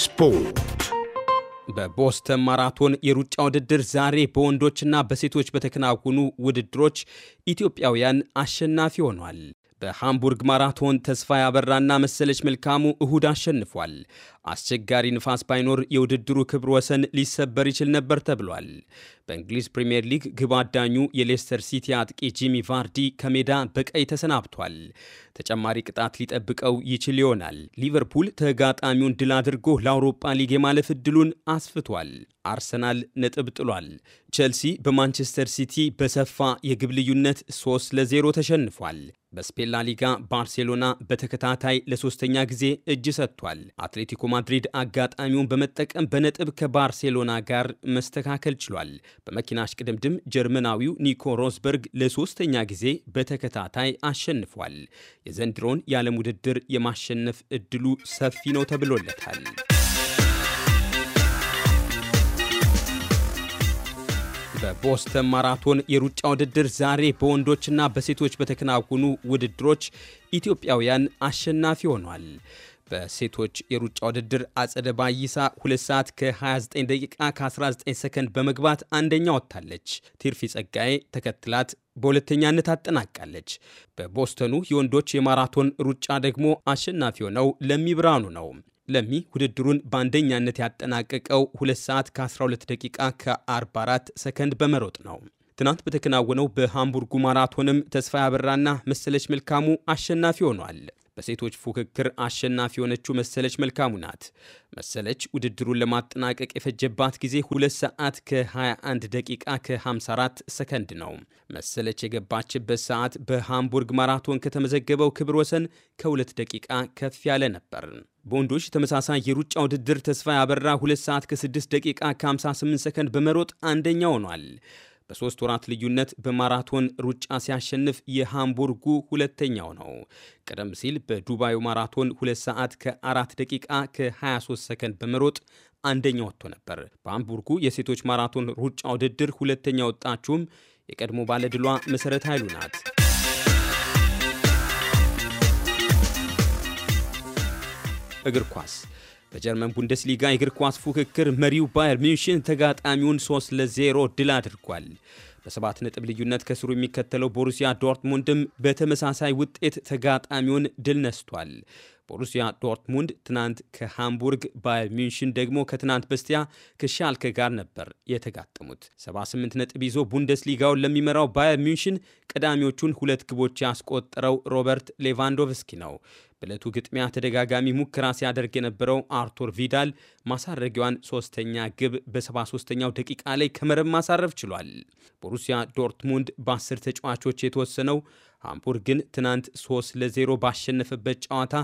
ስፖርት በቦስተን ማራቶን የሩጫ ውድድር ዛሬ በወንዶችና በሴቶች በተከናወኑ ውድድሮች ኢትዮጵያውያን አሸናፊ ሆኗል። በሃምቡርግ ማራቶን ተስፋ ያበራና መሰለች መልካሙ እሁድ አሸንፏል። አስቸጋሪ ንፋስ ባይኖር የውድድሩ ክብር ወሰን ሊሰበር ይችል ነበር ተብሏል። በእንግሊዝ ፕሪምየር ሊግ ግብ አዳኙ የሌስተር ሲቲ አጥቂ ጂሚ ቫርዲ ከሜዳ በቀይ ተሰናብቷል። ተጨማሪ ቅጣት ሊጠብቀው ይችል ይሆናል። ሊቨርፑል ተጋጣሚውን ድል አድርጎ ለአውሮፓ ሊግ የማለፍ እድሉን አስፍቷል። አርሰናል ነጥብ ጥሏል። ቸልሲ በማንቸስተር ሲቲ በሰፋ የግብ ልዩነት 3 ለዜሮ ተሸንፏል። በስፔን ላ ሊጋ ባርሴሎና በተከታታይ ለሶስተኛ ጊዜ እጅ ሰጥቷል። አትሌቲኮ ማድሪድ አጋጣሚውን በመጠቀም በነጥብ ከባርሴሎና ጋር መስተካከል ችሏል። በመኪና ቅድምድም ጀርመናዊው ኒኮ ሮዝበርግ ለሶስተኛ ጊዜ በተከታታይ አሸንፏል። የዘንድሮን የዓለም ውድድር የማሸነፍ እድሉ ሰፊ ነው ተብሎለታል። በቦስተን ማራቶን የሩጫ ውድድር ዛሬ በወንዶችና በሴቶች በተከናወኑ ውድድሮች ኢትዮጵያውያን አሸናፊ ሆኗል። በሴቶች የሩጫ ውድድር አጸደ ባይሳ 2 ሰዓት ከ29 ደቂቃ ከ19 ሰከንድ በመግባት አንደኛ ወጥታለች። ቲርፊ ጸጋዬ ተከትላት በሁለተኛነት አጠናቃለች። በቦስተኑ የወንዶች የማራቶን ሩጫ ደግሞ አሸናፊ ሆነው ለሚ ብርሃኑ ነው። ለሚ ውድድሩን በአንደኛነት ያጠናቀቀው 2 ሰዓት ከ12 ደቂቃ ከ44 ሰከንድ በመሮጥ ነው። ትናንት በተከናወነው በሃምቡርጉ ማራቶንም ተስፋ ያበራና መሰለች መልካሙ አሸናፊ ሆኗል። በሴቶች ፉክክር አሸናፊ የሆነችው መሰለች መልካሙ ናት። መሰለች ውድድሩን ለማጠናቀቅ የፈጀባት ጊዜ 2 ሰዓት ከ21 ደቂቃ ከ54 ሰከንድ ነው። መሰለች የገባችበት ሰዓት በሃምቡርግ ማራቶን ከተመዘገበው ክብር ወሰን ከ2 ደቂቃ ከፍ ያለ ነበር። በወንዶች ተመሳሳይ የሩጫ ውድድር ተስፋ ያበራ 2 ሰዓት ከ6 ደቂቃ ከ58 ሰከንድ በመሮጥ አንደኛ ሆኗል። በሶስት ወራት ልዩነት በማራቶን ሩጫ ሲያሸንፍ የሃምቡርጉ ሁለተኛው ነው። ቀደም ሲል በዱባዩ ማራቶን ሁ ሰዓት ከ4 ደቂቃ ከ23 ሰከንድ በመሮጥ አንደኛ ወጥቶ ነበር። በሃምቡርጉ የሴቶች ማራቶን ሩጫ ውድድር ሁለተኛ ወጣችውም የቀድሞ ባለድሏ መሠረት ኃይሉ ናት። እግር ኳስ በጀርመን ቡንደስሊጋ የእግር ኳስ ፉክክር መሪው ባየር ሚንሽን ተጋጣሚውን 3 ለ0 ድል አድርጓል። በሰባት ነጥብ ልዩነት ከስሩ የሚከተለው ቦሩሲያ ዶርትሙንድም በተመሳሳይ ውጤት ተጋጣሚውን ድል ነስቷል። ቦሩሲያ ዶርትሙንድ ትናንት ከሃምቡርግ፣ ባየር ሚንሽን ደግሞ ከትናንት በስቲያ ከሻልከ ጋር ነበር የተጋጠሙት። 78 ነጥብ ይዞ ቡንደስሊጋውን ለሚመራው ባየር ሚንሽን ቀዳሚዎቹን ሁለት ግቦች ያስቆጠረው ሮበርት ሌቫንዶቭስኪ ነው። በዕለቱ ግጥሚያ ተደጋጋሚ ሙከራ ሲያደርግ የነበረው አርቱር ቪዳል ማሳረጊዋን ሶስተኛ ግብ በ73ኛው ደቂቃ ላይ ከመረብ ማሳረፍ ችሏል። ቦሩሲያ ዶርትሙንድ በ10 ተጫዋቾች የተወሰነው ሃምቡርግን ትናንት 3 ለ0 ባሸነፈበት ጨዋታ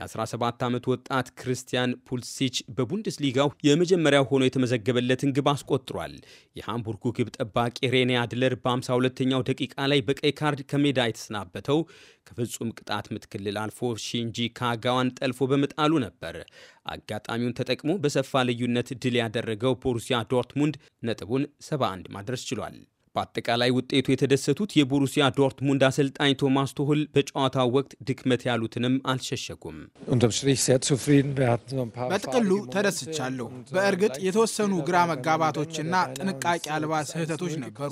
የ17 ዓመት ወጣት ክርስቲያን ፑልሲች በቡንደስሊጋው የመጀመሪያው ሆኖ የተመዘገበለትን ግብ አስቆጥሯል። የሃምቡርጉ ግብ ጠባቂ ሬኔ አድለር በ52ኛው ደቂቃ ላይ በቀይ ካርድ ከሜዳ የተሰናበተው ከፍጹም ቅጣት ምት ክልል አልፎ ሺንጂ ካጋዋን ጠልፎ በመጣሉ ነበር። አጋጣሚውን ተጠቅሞ በሰፋ ልዩነት ድል ያደረገው ቦሩሲያ ዶርትሙንድ ነጥቡን 71 ማድረስ ችሏል። በአጠቃላይ ውጤቱ የተደሰቱት የቦሩሲያ ዶርትሙንድ አሰልጣኝ ቶማስ ቶህል በጨዋታው ወቅት ድክመት ያሉትንም አልሸሸጉም። በጥቅሉ ተደስቻለሁ። በእርግጥ የተወሰኑ ግራ መጋባቶችና ጥንቃቄ አልባ ስህተቶች ነበሩ።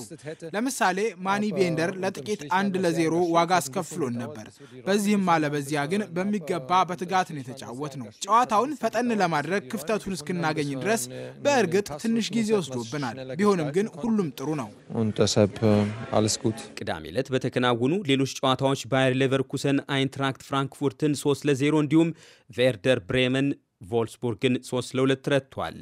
ለምሳሌ ማኒ ቤንደር ለጥቂት አንድ ለዜሮ ዋጋ አስከፍሎን ነበር። በዚህም አለበዚያ ግን በሚገባ በትጋት ነው የተጫወት ነው። ጨዋታውን ፈጠን ለማድረግ ክፍተቱን እስክናገኝ ድረስ በእርግጥ ትንሽ ጊዜ ወስዶብናል። ቢሆንም ግን ሁሉም ጥሩ ነው። deshalb alles gut. ቅዳሜ ዕለት በተከናወኑ ሌሎች ጨዋታዎች ባየር ሌቨርኩሰን አይንትራክት ፍራንክፉርትን 3 ለ0 እንዲሁም ቬርደር ብሬመን ቮልስቡርግን 3 ለ2 ረቷል።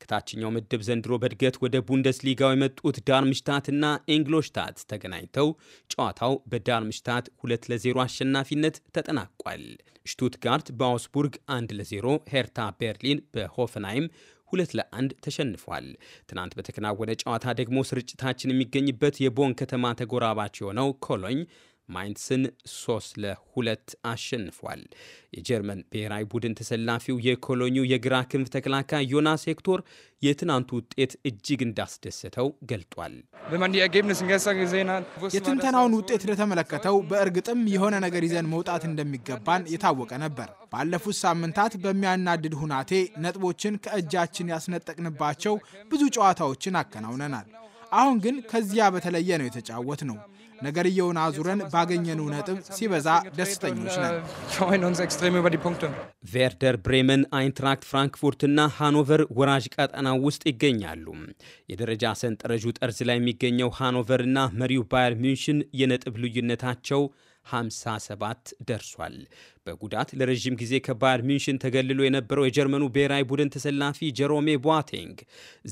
ከታችኛው ምድብ ዘንድሮ በእድገት ወደ ቡንደስሊጋው የመጡት ዳርምሽታትና ኢንግሎሽታት ተገናኝተው ጨዋታው በዳርምሽታት 2 ለ0 አሸናፊነት ተጠናቋል። ሽቱትጋርት በአውስቡርግ 1 ለ0፣ ሄርታ ቤርሊን በሆፈንሃይም ሁለት ለአንድ ተሸንፏል። ትናንት በተከናወነ ጨዋታ ደግሞ ስርጭታችን የሚገኝበት የቦን ከተማ ተጎራባች የሆነው ኮሎኝ ማይንስን ሶስት ለሁለት አሸንፏል። የጀርመን ብሔራዊ ቡድን ተሰላፊው የኮሎኒው የግራ ክንፍ ተከላካይ ዮናስ ሄክቶር የትናንቱ ውጤት እጅግ እንዳስደሰተው ገልጧል። የትንተናውን ውጤት እንደተመለከተው በእርግጥም የሆነ ነገር ይዘን መውጣት እንደሚገባን የታወቀ ነበር። ባለፉት ሳምንታት በሚያናድድ ሁናቴ ነጥቦችን ከእጃችን ያስነጠቅንባቸው ብዙ ጨዋታዎችን አከናውነናል። አሁን ግን ከዚያ በተለየ ነው የተጫወት ነው ነገርየውን አዙረን ባገኘነው ነጥብ ሲበዛ ደስተኞች ነን። ቬርደር ብሬመን፣ አይንትራክት ፍራንክፉርት እና ሃኖቨር ወራጅ ቀጠና ውስጥ ይገኛሉ። የደረጃ ሰንጠረዡ ጠርዝ ላይ የሚገኘው እና መሪው ባየር ሚንሽን የነጥብ ልዩነታቸው 57 ደርሷል። በጉዳት ለረዥም ጊዜ ከባየር ሚንሽን ተገልሎ የነበረው የጀርመኑ ብሔራዊ ቡድን ተሰላፊ ጀሮሜ ቧቴንግ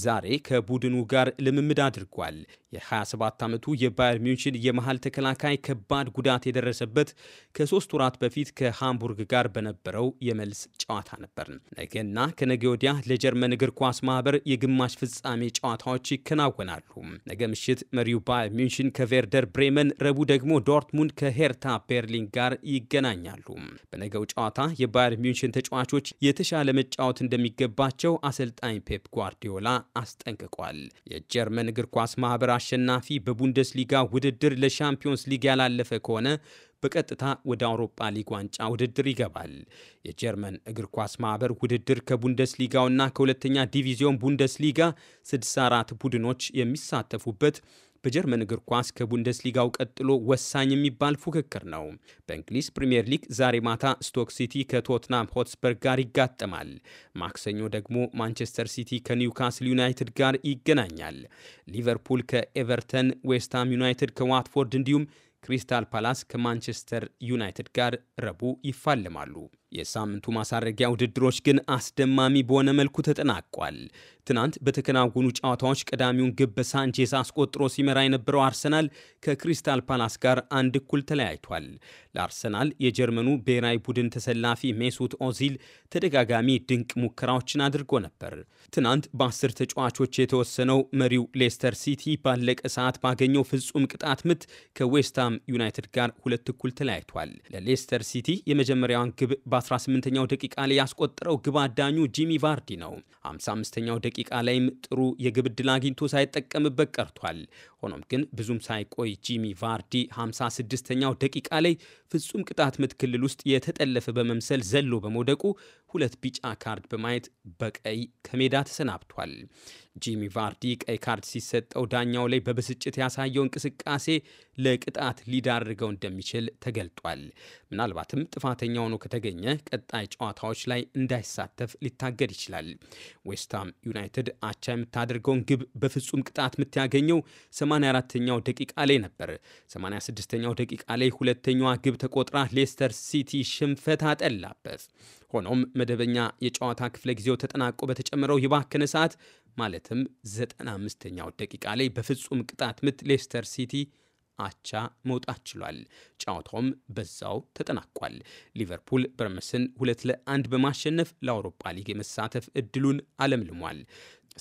ዛሬ ከቡድኑ ጋር ልምምድ አድርጓል። የ27 ዓመቱ የባየር ሚንሽን የመሃል ተከላካይ ከባድ ጉዳት የደረሰበት ከሶስት ወራት በፊት ከሃምቡርግ ጋር በነበረው የመልስ ጨዋታ ነበር። ነገና ከነገ ወዲያ ለጀርመን እግር ኳስ ማህበር የግማሽ ፍጻሜ ጨዋታዎች ይከናወናሉ። ነገ ምሽት መሪው ባየር ሚንሽን ከቬርደር ብሬመን፣ ረቡዕ ደግሞ ዶርትሙንድ ከሄርታ ቤርሊን ጋር ይገናኛሉ። በነገው ጨዋታ የባየር ሚንሽን ተጫዋቾች የተሻለ መጫወት እንደሚገባቸው አሰልጣኝ ፔፕ ጓርዲዮላ አስጠንቅቋል። የጀርመን እግር ኳስ ማህበር አሸናፊ በቡንደስሊጋ ውድድር ለሻምፒዮንስ ሊግ ያላለፈ ከሆነ በቀጥታ ወደ አውሮፓ ሊግ ዋንጫ ውድድር ይገባል። የጀርመን እግር ኳስ ማህበር ውድድር ከቡንደስሊጋውና ከሁለተኛ ዲቪዚዮን ቡንደስሊጋ 64 ቡድኖች የሚሳተፉበት በጀርመን እግር ኳስ ከቡንደስሊጋው ቀጥሎ ወሳኝ የሚባል ፉክክር ነው። በእንግሊዝ ፕሪምየር ሊግ ዛሬ ማታ ስቶክ ሲቲ ከቶትናም ሆትስበርግ ጋር ይጋጠማል። ማክሰኞ ደግሞ ማንቸስተር ሲቲ ከኒውካስል ዩናይትድ ጋር ይገናኛል። ሊቨርፑል ከኤቨርተን፣ ዌስትሃም ዩናይትድ ከዋትፎርድ እንዲሁም ክሪስታል ፓላስ ከማንቸስተር ዩናይትድ ጋር ረቡዕ ይፋለማሉ። የሳምንቱ ማሳረጊያ ውድድሮች ግን አስደማሚ በሆነ መልኩ ተጠናቋል። ትናንት በተከናወኑ ጨዋታዎች ቀዳሚውን ግብ በሳንቼስ አስቆጥሮ ሲመራ የነበረው አርሰናል ከክሪስታል ፓላስ ጋር አንድ እኩል ተለያይቷል። ለአርሰናል የጀርመኑ ብሔራዊ ቡድን ተሰላፊ ሜሱት ኦዚል ተደጋጋሚ ድንቅ ሙከራዎችን አድርጎ ነበር። ትናንት በአስር ተጫዋቾች የተወሰነው መሪው ሌስተር ሲቲ ባለቀ ሰዓት ባገኘው ፍጹም ቅጣት ምት ከዌስትሃም ዩናይትድ ጋር ሁለት እኩል ተለያይቷል። ለሌስተር ሲቲ የመጀመሪያዋን ግብ በ18ኛው ደቂቃ ላይ ያስቆጠረው ግብ አዳኙ ጂሚ ቫርዲ ነው። 55ኛው ደቂቃ ላይም ጥሩ የግብ ዕድል አግኝቶ ሳይጠቀምበት ቀርቷል። ሆኖም ግን ብዙም ሳይቆይ ጂሚ ቫርዲ 56ኛው ደቂቃ ላይ ፍጹም ቅጣት ምት ክልል ውስጥ የተጠለፈ በመምሰል ዘሎ በመውደቁ ሁለት ቢጫ ካርድ በማየት በቀይ ከሜዳ ተሰናብቷል። ጂሚ ቫርዲ ቀይ ካርድ ሲሰጠው ዳኛው ላይ በብስጭት ያሳየው እንቅስቃሴ ለቅጣት ሊዳርገው እንደሚችል ተገልጧል። ምናልባትም ጥፋተኛ ሆኖ ከተገኘ ቀጣይ ጨዋታዎች ላይ እንዳይሳተፍ ሊታገድ ይችላል። ዌስትሃም ዩናይትድ አቻ የምታደርገውን ግብ በፍጹም ቅጣት ምት ያገኘው 84ኛው ደቂቃ ላይ ነበር። 86ኛው ደቂቃ ላይ ሁለተኛዋ ግብ ተቆጥራ ሌስተር ሲቲ ሽንፈት አጠላበት። ሆኖም መደበኛ የጨዋታ ክፍለ ጊዜው ተጠናቆ በተጨመረው የባከነ ሰዓት ማለትም 95ኛው ደቂቃ ላይ በፍጹም ቅጣት ምት ሌስተር ሲቲ አቻ መውጣት ችሏል። ጨዋታውም በዛው ተጠናቋል። ሊቨርፑል በርመስን ሁለት ለአንድ በማሸነፍ ለአውሮፓ ሊግ የመሳተፍ እድሉን አለምልሟል።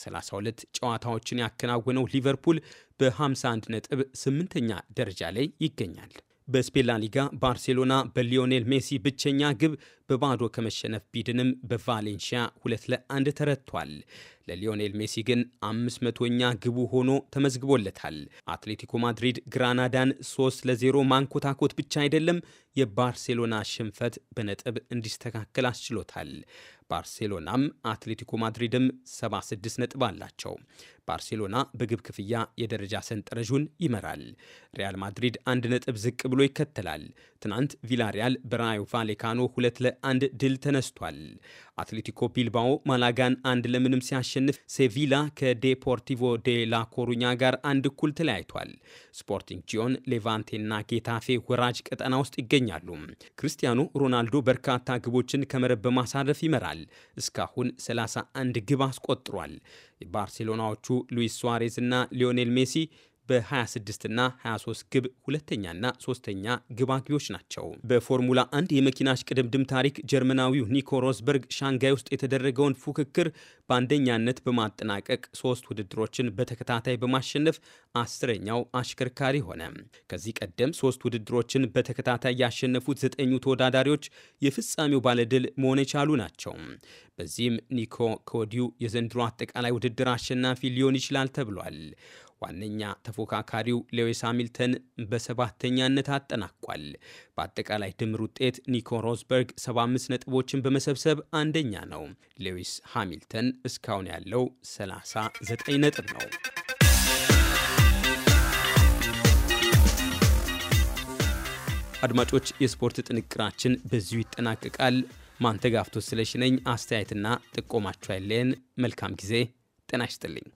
32 ጨዋታዎችን ያከናወነው ሊቨርፑል በ51 ነጥብ ስምንተኛ ደረጃ ላይ ይገኛል። በስፔን ላሊጋ ባርሴሎና በሊዮኔል ሜሲ ብቸኛ ግብ በባዶ ከመሸነፍ ቢድንም በቫሌንሺያ ሁለት ለአንድ ተረቷል። ለሊዮኔል ሜሲ ግን አምስት መቶኛ ግቡ ሆኖ ተመዝግቦለታል። አትሌቲኮ ማድሪድ ግራናዳን ሶስት ለዜሮ ማንኮታኮት ብቻ አይደለም፣ የባርሴሎና ሽንፈት በነጥብ እንዲስተካከል አስችሎታል። ባርሴሎናም አትሌቲኮ ማድሪድም 76 ነጥብ አላቸው። ባርሴሎና በግብ ክፍያ የደረጃ ሰንጠረዡን ይመራል። ሪያል ማድሪድ አንድ ነጥብ ዝቅ ብሎ ይከተላል። ትናንት ቪላሪያል በራዮ ቫሌካኖ ሁለት ለአንድ ድል ተነስቷል። አትሌቲኮ ቢልባኦ ማላጋን አንድ ለምንም ሲያሸንፍ፣ ሴቪላ ከዴፖርቲቮ ዴ ላ ኮሩኛ ጋር አንድ እኩል ተለያይቷል። ስፖርቲንግ ጂዮን፣ ሌቫንቴና ጌታፌ ወራጅ ቀጠና ውስጥ ይገኛሉ። ክርስቲያኖ ሮናልዶ በርካታ ግቦችን ከመረብ በማሳረፍ ይመራል። እስካሁን 31 ግብ አስቆጥሯል። የባርሴሎናዎቹ ሉዊስ ሱዋሬዝ እና ሊዮኔል ሜሲ በ26 እና 23 ግብ ሁለተኛና ሶስተኛ ግብ አግቢዎች ናቸው። በፎርሙላ አንድ የመኪና እሽቅድምድም ታሪክ ጀርመናዊው ኒኮ ሮዝበርግ ሻንጋይ ውስጥ የተደረገውን ፉክክር በአንደኛነት በማጠናቀቅ ሶስት ውድድሮችን በተከታታይ በማሸነፍ አስረኛው አሽከርካሪ ሆነ። ከዚህ ቀደም ሶስት ውድድሮችን በተከታታይ ያሸነፉት ዘጠኙ ተወዳዳሪዎች የፍጻሜው ባለድል መሆን የቻሉ ናቸው። በዚህም ኒኮ ኮዲው የዘንድሮ አጠቃላይ ውድድር አሸናፊ ሊሆን ይችላል ተብሏል። ዋነኛ ተፎካካሪው ሌዊስ ሃሚልተን በሰባተኛነት አጠናቋል። በአጠቃላይ ድምር ውጤት ኒኮ ሮዝበርግ 75 ነጥቦችን በመሰብሰብ አንደኛ ነው። ሌዊስ ሃሚልተን እስካሁን ያለው 39 ነጥብ ነው። አድማጮች፣ የስፖርት ጥንቅራችን በዚሁ ይጠናቀቃል። ማንተጋፍቶ ስለሽነኝ አስተያየትና ጥቆማችሁ አይለየን። መልካም ጊዜ። ጤና ይስጥልኝ።